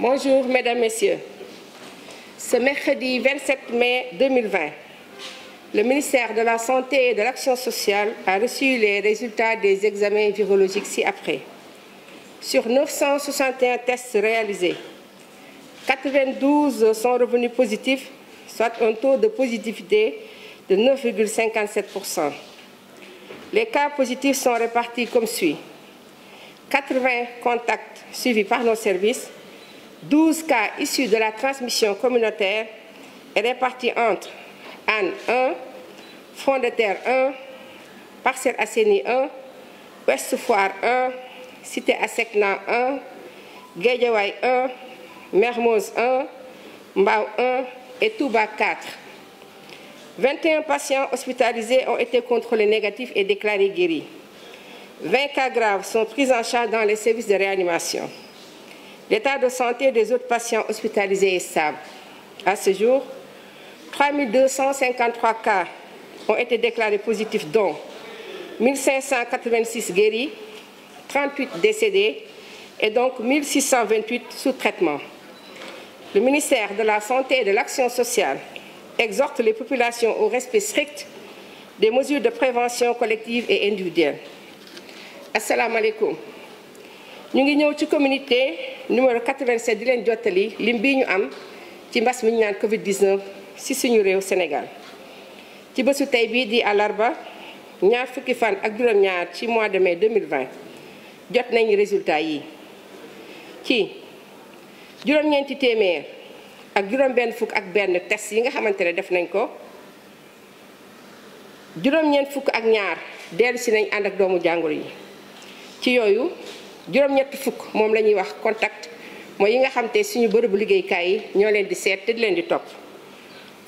Bonjour Mesdames, Messieurs. Ce mercredi 27 mai 2020, le ministère de la Santé et de l'Action sociale a reçu les résultats des examens virologiques ci-après. Sur 961 tests réalisés, 92 sont revenus positifs, soit un taux de positivité de 9,57%. Les cas positifs sont répartis comme suit. 80 contacts suivis par nos services, 12 cas issus de la transmission communautaire est répartie entre Anne 1, Front de Terre 1, Parcelles Assainies 1, Ouest Foire 1, Cité Asecna 1, Guédiawaye 1, Mermoz 1, Mbao 1 et Touba 4. 21 patients hospitalisés ont été contrôlés négatifs et déclarés guéris. 20 cas graves sont pris en charge dans les services de réanimation. L'état de santé des autres patients hospitalisés est À ce jour, 3 253 cas ont été déclarés positifs, dont 1586 guéris, 38 décédés et donc 1628 sous traitement. Le ministère de la Santé de l'Action sociale exhorte les populations au respect des mesures de prévention collective et individuelle. asalaamaaleykum ngi ñëw ci numéro 87 di leen jottali lim bii ñu am ci mbas mi ñu naan Covid 19 ci suñu réew senegal ci bésu tey bii di àllarba ñaar fukki fan ak juróom-ñaar ci mois de mai 2020 jot nañu résultat yi ci juróom-ñeenti téeméer ak juróom-benn fukk ak benn test yi nga xamante ne def nañ ko juróom-ñeent fukk ak ñaar dellu si nañ ànd ak doomu jàngoro yi ci yooyu. juróom-ñetti fukk moom la ñuy wax contact mooy yi nga xam te suñu bërëbu liggéeykaay yi ñoo leen di seet te di leen di topp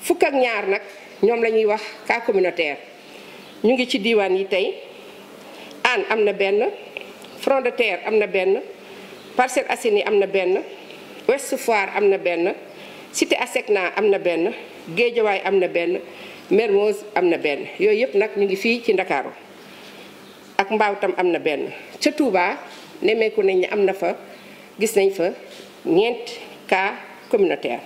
fukk ak ñaar nag ñoom la ñuy wax cas communautaire ñu ngi ci diiwaan yi tey ann am na benn Front de Terre am na benn Parcelles Assainies am na benn Ouest Foire am na benn Cité Asecna am na benn Guédiawaye am na benn Mermoz am na benn yooyu yëpp nag ñu ngi fii ci Ndakaaru ak mbaaw tam am na benn ca Touba nemmeeku nañ ne am na fa gis nañ fa ñeent cas communautaire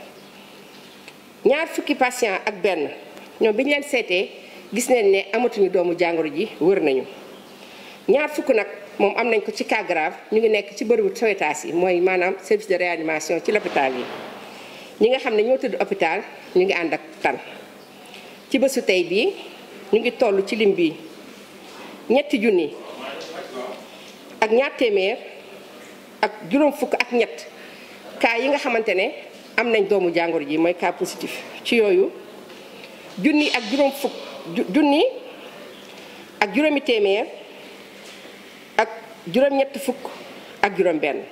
ñaar fukki patient ak benn ñoom bi ñu leen seetee gis nañ ne amatuñu doomu jàngoro ji wër nañu ñaar fukk nag moom am nañ ko ci cas ñu ngi nekk ci bërëbu soetaas yi mooy maanaam service de réanimation ci l'hôpital yi ñi nga xam ne ñoo tëdd hôpital ñu ngi ànd ak tan ci bésu tey bii ñu ngi toll ci lim bii ñetti junni ak ñaar téeméer ak juróom fukk ak ñett cas yi nga xamante ne am nañ doomu jàngoro ji mooy cas positif ci yooyu junni ak juróom fukk ak juróomi téeméer ak juróom-ñett fukk benn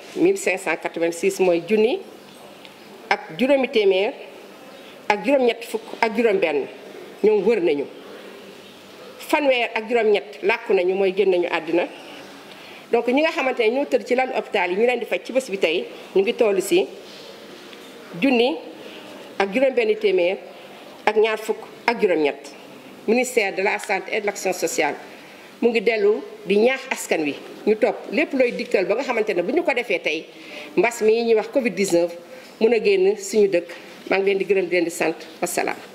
mooy junni ak juróomi téeméer ak juróom-ñett fukk ak juróom benn ñoom wër nañu fanweer ak juróom-ñett làkku nañu mooy génn nañu àddina donc ñi nga xamante ne ñoo tëdd ci lan hôpital yi ñu leen di faj ci bés bi tey ñu ngi toll si junni ak juróom-benn téeméer ak ñaar fukk ak juróom-ñett ministère de la santé et de l'action sociale mu ngi dellu di ñaax askan wi ñu topp lépp looy digtal ba nga xamante ne bu ñu ko defee tey mbas mi ñuy wax Covid 19 mun a génn suñu dëkk maa leen di gërëm di leen di sant wasalaam.